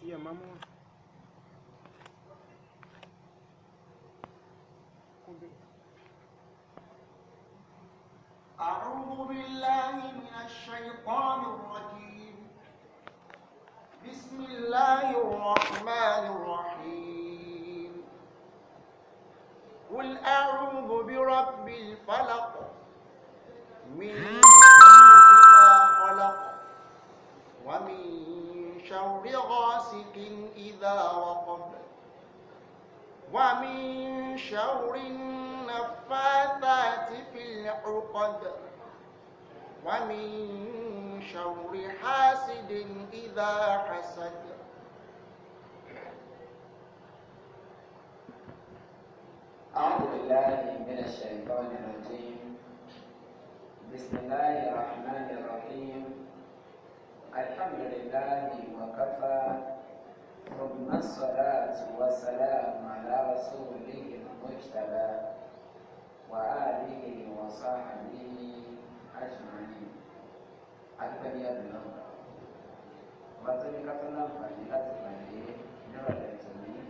sí amamos أعوذ بالله من الشيطان الرجيم بسم الله الرحمن الرحيم قل أعوذ برب الفلق من ما خلق ومن شر غاسق إذا وقب ومن شر النفاثات في العقد ومن شر حاسد إذا حسد أعوذ بالله من الشيطان الرجيم بسم الله الرحمن الرحيم الحمد لله وكفى ثم الصلاة والسلام على رسوله المجتبى وآله وصحبه أجمعين أكبر يا ابن الله وبطل كتنا فجلة فجلة نرى الأجمعين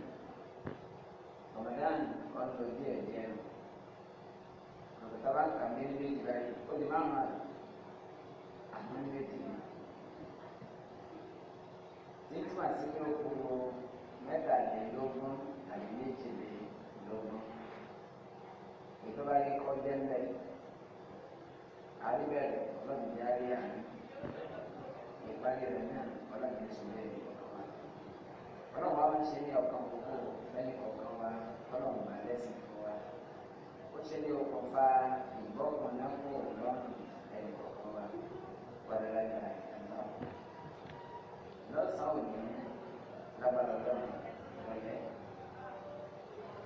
رمضان كنت جيه جيه وطبعا كان بين بيت بعيد كل ما عمل أحمد بيتنا nígbà tí yóò kúrò mẹ́tàlélógún àbí méjìlélógún ìjọba yìí kọ́ jẹ́ńdẹ̀ àríbẹ̀rẹ̀ ọlọ́run jẹ́ àríyá ìparí rẹ̀ náà ọlọ́run ti lè rí ọ̀kan wa ọlọ́run wa ń ṣe ní ọ̀kan gbogbo lẹ́yìn ọ̀kan wa ọlọ́run bá lẹ́sìn fún wa ó ṣe ní okùnfà ìgbọ́kànlá fún òun lọ́rùn ẹ̀yìn ọ̀kan wa padà láyé.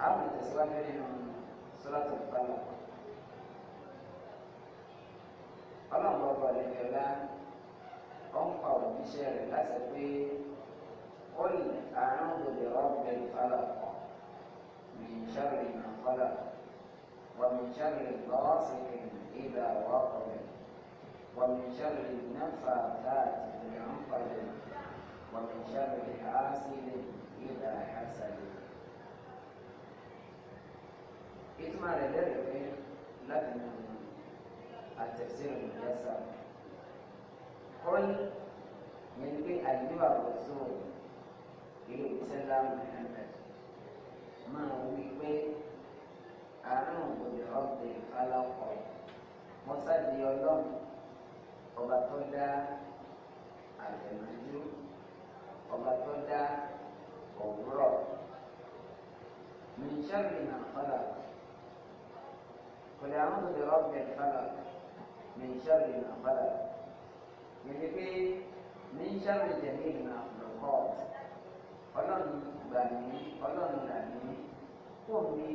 عملت أزواج من صلاة الطلاق ọlọ́run ọba ọ̀lẹ́yọ̀lá ó ń pa òjíṣẹ́ rẹ̀ láti pé ó lè àrùn gbòdè ọ̀gbẹ́ ìfọlọ̀ mìíṣọ́rì ìfọlọ̀ wà mìíṣọ́rì lọ́ọ̀sìnkì ìgbà wọ́ọ̀kọ̀rẹ̀ wà mìíṣọ́rì náfà táàtì ìrìnàfọ̀lẹ̀ wà mìíṣọ́rì àásìlẹ̀ ìgbà àṣàlẹ̀. ìtumọ̀ rẹ̀ lẹ́rìí pé láti mú àtẹ̀sí rẹ̀ lọ́jà sá. kọ́lí yẹn ni pé àdúrà kò sóò ilé ìṣẹ́lá Muhammad máa wí pé àánú òbí ọ̀gbìn alákọ̀ọ́ mọ́sádìí ọlọ́run ọba tó dá àtẹ̀mọ́jú ọba tó dá òwúrọ̀. من شر ما خلق قل أعوذ برب الفلق من شر ما خلق yẹni pé ní sáré jẹ̀mí ìmọ̀ lọ́kọ́ ọlọ́run gbà mí ọlọ́run là mí kò ní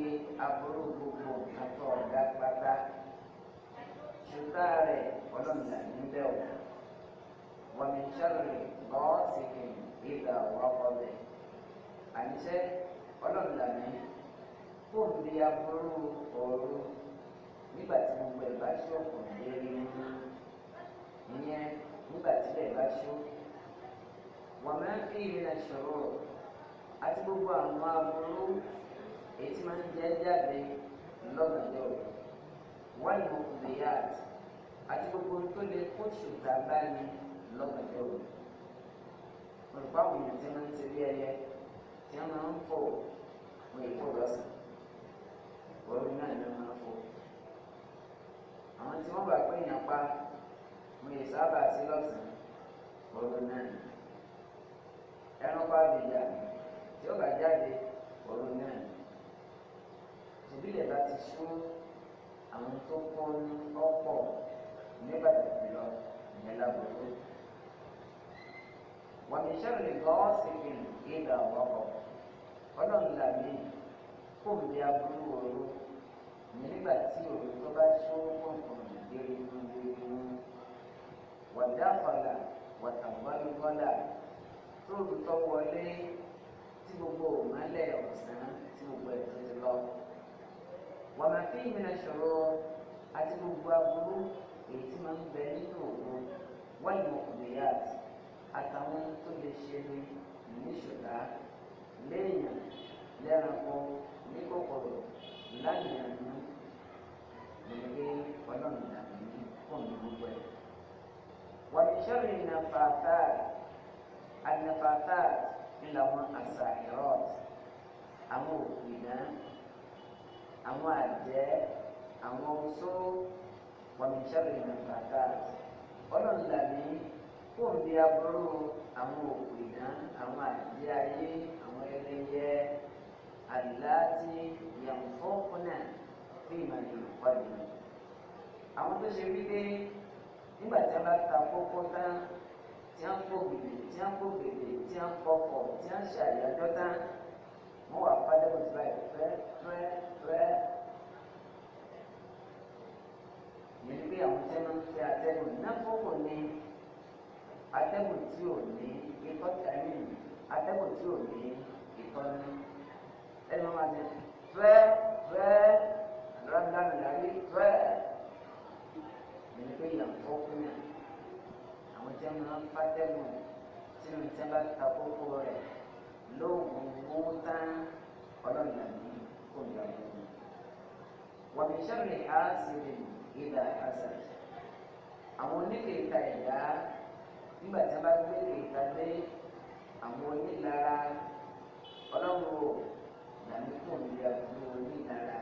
aburú gbogbo nǹkan tó ọ̀gá pátá ṣùgbọ́n rẹ̀ ọlọ́run là mí bẹ́ẹ̀ wọ̀ wọ́n ní sáré bọ́ọ̀sì kìí ìgbà wọ́pọ̀ bẹ́ẹ̀ àníṣe ọlọ́run là mí kò ní aburú òru nígbà tí gbogbo ẹ̀ bá ṣe ọ̀pọ̀ lérí nínú ìyẹn nígbà tí ẹ̀ bá ṣe wọ́n máa ń fi ìrìn àṣọrọ̀ àti gbogbo àwọn aburú èyí tí máa ń jẹ́ jáde lọ́nà yọ̀ wọ́n ìmọ̀ kùdìyà àti gbogbo tó lè kó ṣùgbọ́n báyìí lọ́nà yọ̀ olùkọ́ èèyàn tí wọ́n ti rí ẹyẹ tí wọ́n máa ń fò wọ́n ìfowópamọ́sí òun náà ni wọ́n àwọn tí wọ́n gbà pé èèyàn pa mo lè sábà sí lọ́sàn-án ọdún náà ni ẹran pa àbíyá tí ó bá jáde ọdún náà ni ìbílẹ̀ bá ti ṣú àwọn tó kọ́ ní ọ̀pọ̀ nígbà tó fi lọ ìyẹn lábúrú. wàmí sẹ́rìlì gan-an sì fi ìdá ọ̀wọ́pọ̀ ọlọ́run làmì kò ní aburú òru nígbà tí òru tó bá ṣú. kọ́là tóòbù tó wọlé tí gbogbo òmálẹ̀ ọ̀sán tí gbogbo ẹ̀ ti lọ. wàmà fi ìmìnà ṣòro àti gbogbo aburú èyí tí máa ń bẹ nínú òun wáyé ọkùnrin àti àtàwọn tó lè ṣe ní níṣọ̀dá léèyàn lẹ́ranko ní kòkòrò وشر النفاثات النفاثات لهم الساحرات àwọn òpìnà àwọn àjẹ́ àwọn oṣó wàmíṣẹ́rì nàfàtà ọlọ́ọ̀lá ní fóun bí aburú àwọn òpìnà àwọn àjẹ́ ayé àwọn ẹlẹ́yẹ àláti yànfọ́kùnà fún ìmọ̀lẹ́ ìkọlù àwọn tó ṣe wípé nígbà tí a bá ta kókó tán tí a ń kó gbèdè tí a ń kó gbèdè tí a ń kọkọ̀ tí a ń ṣe àyájọ́ tán wọ́n wà fádẹ́kù sí báyìí fẹ́ fẹ́ fẹ́. yẹn pé àwọn tí wọ́n ń fẹ́ atẹ́gùn náà kókò ní atẹ́gùn tí ò ní ikọ́ tẹ̀lé atẹ́gùn tí ò ní ikọ́ ní. ẹni wọ́n máa ti fẹ́ fẹ́ lọ́dún láàrin láyé fẹ́ ìyẹn pé ìyàtọ̀ kúnà àwọn tí wọn máa ń fàtẹ́gùn sínú tí wọn bá ta kókó rẹ lóògùn mọ́tà ọlọ́ọ̀nà ní kóńdà lónìí. wọ́n fi sẹ́mi àásìrì ìdá àṣà àwọn oníkèéta ẹ̀dá nígbà tí wọn bá gbé kèéta dé àwọn onílara ọlọ́run ò dàní fún mi àbúrò onílara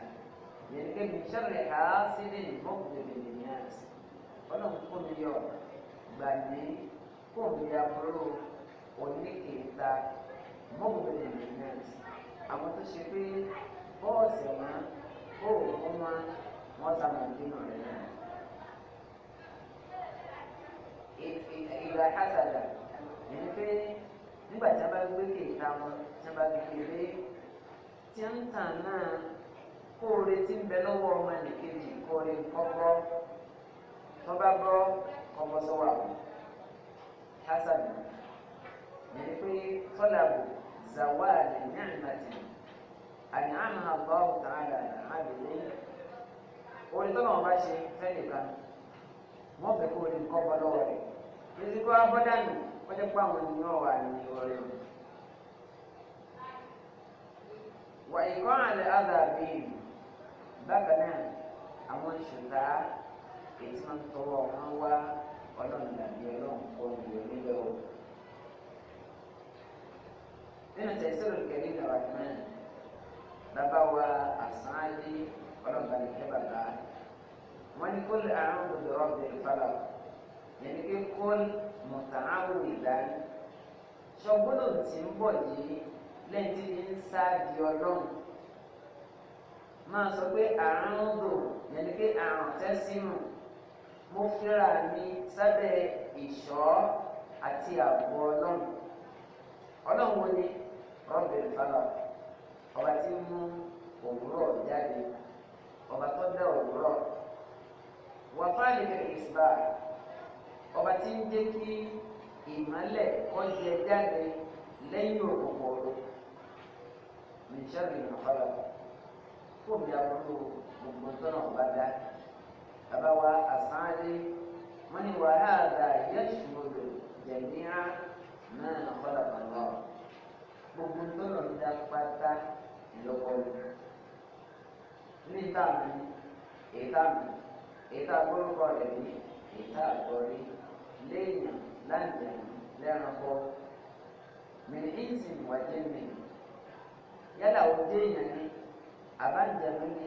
yẹn ní kébì sẹ́mi àásìrì mọ́kùnrin ènìyàn àṣà. ọlọ́run kó mi yọ gbàgbé kó mi ya burú oníkèéta mọ́gbìnrin nìyẹn àwọn tó ṣe pé bọ́ọ̀sì wọn ó mú wọn wọ́n sábà dínà rẹ̀ náà. ìgbà àṣàdà ẹni pé nígbà tí a bá gbé kèéta wọn tí a bá gbé kéré tí wọ́n ń tàn náà tó bá gbọ́ ọmọ sọ́wọ́ àwọn hasan ní pé tọ́làbù zawali ni'mati àní àmà Allahu ta'ala àbẹ̀lẹ̀ orin tó náà bá ṣe fẹ́nìkan wọ́n fẹ́ kó orin kọ́ bọ́ lọ́wọ́ rẹ̀ èsì abọ́dánù wọ́n jẹ́ pé àwọn ènìyàn wà ní ọ̀rẹ́ wà ìkọ́ àlẹ́ àdàbí bákan náà èyí tí wọ́n tọwọ́ wọn wá ọlọ́run dàbí ọlọ́run kọ́ ju onílẹ̀ o. nínú tẹ̀sílẹ̀ kẹ́lí ní rahman bàbá wa àsáńdé ọlọ́run balẹ̀ kẹ́ bàbá wọ́n ní kólé àrùn gbogbo ọ̀bẹ ìfàlà yẹnni pé kólé mọ̀tàràwò ìdáni ṣọgbọ́n tí ń bọ̀ yìí lẹ́yìn tí ń sá di ọlọ́run máa sọ pé àrùn dò yẹnni pé àrùn tẹ́sí nù mo fira mi sábẹ́ ìṣọ́ àti ààbò ọlọ́run ọlọ́run wo ni rọ́bìn fáwọn ọba tí ń mú òwúrọ̀ jáde ọba tó dá òwúrọ̀ wọ́n fáàlì kẹ̀kẹ́ ìsìbá ọba tí ń jẹ́ kí ìmọ́lẹ̀ kó yẹ jáde lẹ́yìn òkòkòrò nìṣẹ́ ìrìnàfàlà fún mi àbúrò gbogbo tọ́nà ọba dá bàbá wa àsáńdé wọ́n ní wàhálà yẹ́sùmọ̀lù jẹ̀míà náà lọ́kọ́lá pàlọ́ gbogbo tó lọ ń da pátá ìlọ́kọ́lù ní ìtààmì ìtààmì ìtàgbórúkọ rẹ̀ ní ìtàgbọ́rí léèyàn láǹjẹ̀mí lẹ́ranko mìíràn ìsìn wájẹ́ mi yálà ó déèyàn ní àbájẹ́ mi ní.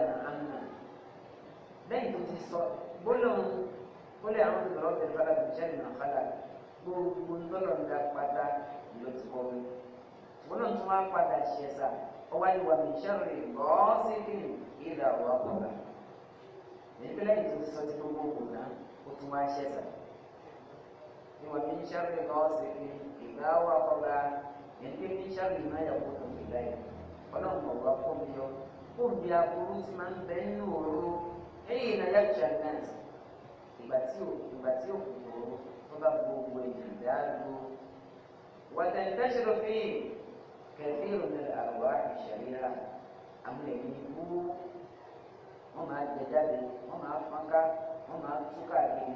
lẹ́yìn tó ti sọ gbólóhùn kólé àwọn ìgbàlọ́ bẹ̀rẹ̀ bára bẹ̀rẹ̀ jẹ́ nínú àkàlà gbogbo ńlọ́lọ́ ń da padà ló ti bọ́ mi. gbólóhùn tó máa padà ṣe ẹ̀sà ọwọ́ ìwà mi ìṣẹ́rù ìgbọ́ sí kìnnì ìlà ọ̀wá kọ̀ọ̀lá. èyí pé lẹ́yìn tó ti sọ ti gbogbo kò náà ó tún wá ṣe ẹ̀sà. ìwà mi ìṣẹ́rù ìgbọ́ sí kìnnì ìlà ọ̀wá kọ̀ọ̀lá èyí pé mi ìṣẹ́rù ìmáyàwó tó ń حين يغشى الناس ìgbà tí ìgbà tí òkùnkùn ooru tó bá gbogbo èyí dáadó wàtẹ̀ǹtẹ̀ṣẹ̀rọ̀ fi kẹfí ìròyìn àrùwá ìṣẹ̀ríra àwọn èyí wú wọ́n máa jẹ jáde wọ́n máa fọ́nká wọ́n máa tú káàkiri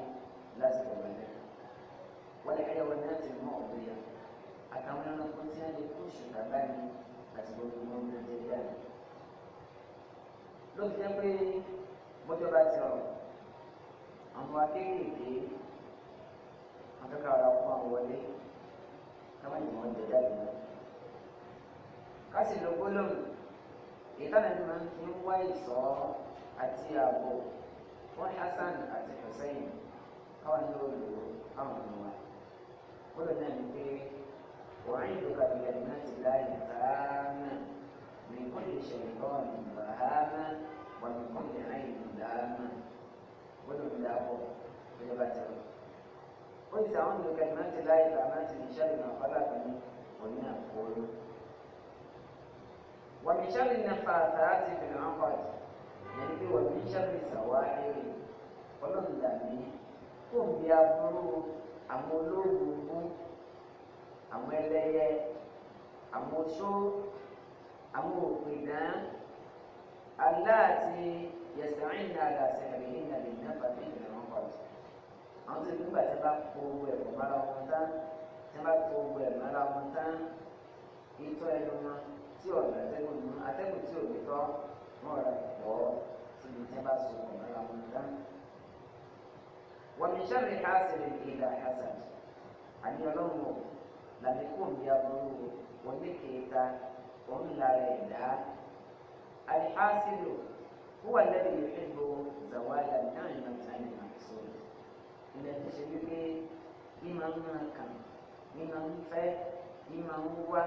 lásìkò ìrọ̀lẹ́ wọ́n lè kẹ́yọ̀ wọn náà ti mọ ọ̀gbẹ́yà àtàwọn ẹranko tí wọ́n lè kú ṣùgbọ́n báyìí àti gbogbo wọn lè jẹ jáde. ló fi jẹ́ pé mọ́jọ́ bá ti rọrùn àwọn akéèké akẹ́kọ̀ọ́ ara fún àwọn wọlé káwọn ìmọ̀ ń jẹjá ìmọ̀ ká sì lo gbólóhùn èyí táwọn ẹni máa ń fi ń wá ìsọ́ àti ààbò wọn Hasan àti Hussein káwọn ní olùwò káwọn ní wa gbólóhùn náà ni pé wọ́n á yíyọ kàbíyà ní láti láyé tààmà ní kó lè ṣe pàtùkù ní àyìnbó dára náà gbọ́dọ̀ ní dàpọ̀ bẹ́ẹ̀ bá ti rọ. ó ti àwọn ìlú kẹrin láti láyé bá láti ní sẹ́lẹ̀ náà fọlá kan ní òní àkóónú. wọ́n mi sẹ́lẹ̀ náà fa àtàrà ti fi hàn pàtó yẹn bí wọ́n mi sẹ́lẹ̀ sàwá èrè ọlọ́run dàbí kó ń bí aburú àwọn olóògùn fún àwọn ẹlẹ́yẹ àwọn oṣó àwọn òpè náà aláàtì yẹsẹ̀rìn náà làṣẹ̀rìn iná lè ná pàtó ìlànà pàtó. àwọn tó nígbà tí bá kó owó ẹ̀kọ́ mára wọn tán tí bá kó owó ẹ̀ mára wọn tán ìtọ́ ẹnu wọn tí ọ̀nà àtẹ́gùn mú àtẹ́gùn tí òbí tọ́ wọn rà pọ̀ síbi tí bá so ọ̀kọ̀ mára wọn tán. wọ́n mi sẹ́rìn hásìrì ìlà hásàdì àní ọlọ́run ò làbíkú mi aburú oníkèéta òun lára ẹ̀dá الحاصل هو الذي يحب زوال النعمة عن المقصود إلى تشبيه mímọ̀ ń máa kàn mímọ̀ ń fẹ́ mímọ̀ ń wá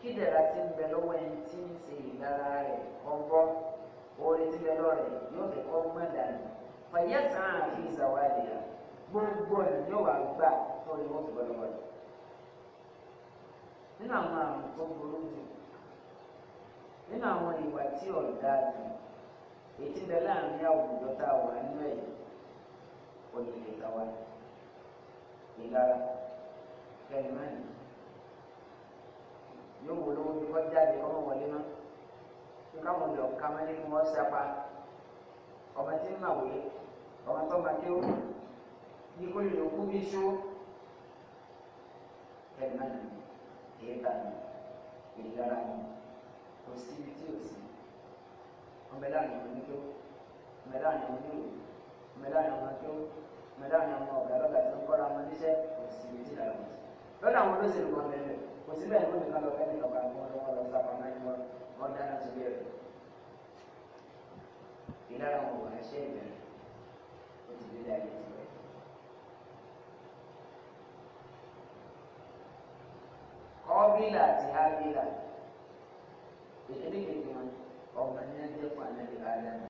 kídẹ̀ra tí ń bẹ lọ́wọ́ ẹni tí ń ṣe ìlara rẹ̀ kọ́ńbọ́ orí tí bẹ lọ́ rẹ̀ yóò fẹ́ kọ́ mọ́ dànù fàyẹ́sàn àfi ìsàwádìí rẹ̀ gbogbo ẹ̀ yóò wá gbà lórí wọn fi bọ́ lọ́wọ́ rẹ̀ nínú àwọn àrùn tó burú jù nínú àwọn ìwà tí ọ̀dà jù ètí bẹ láàrin àwùjọ tá a wà nínú ẹ̀ òyìnbó tàwa ìlara kẹrìmánì yóò wò lówó bí wọ́n jáde ọmọ wọlé náà kí káwọn lọ ká máa ní kí wọ́n sapa ọmọ tí ń màwé ọmọ tó máa kéwò ní kó lè kú bí ṣó kẹrìmánì kìí ta ni ìlara ni kò sí ibi tí ò sí ọmọdé láàrin ọmọ níjó ọmọdé láàrin ọmọ nílò ọmọdé láàrin ọmọ tó ọmọdé láàrin ọmọ ọ̀gá lọ́gà tó ń kọ́ra ọmọ níṣẹ́ kò sí ibi tí láàrin ọmọ lọ́dọ̀ àwọn olóṣèlú kan bẹ̀rẹ̀ kò sí bẹ́ẹ̀ lónìí kan lọ fẹ́ nìkan kan wọn lọ́wọ́ lọ sábà máa ń wọn wọn dáná sí bẹ́ẹ̀ ìdára wọn wà ṣẹ́ ìbẹ̀rẹ̀ ó ti dé láyé ti rẹ̀. kọ́bílà àti hábílà. Bersyirik orang yang dia Kuatnya di alam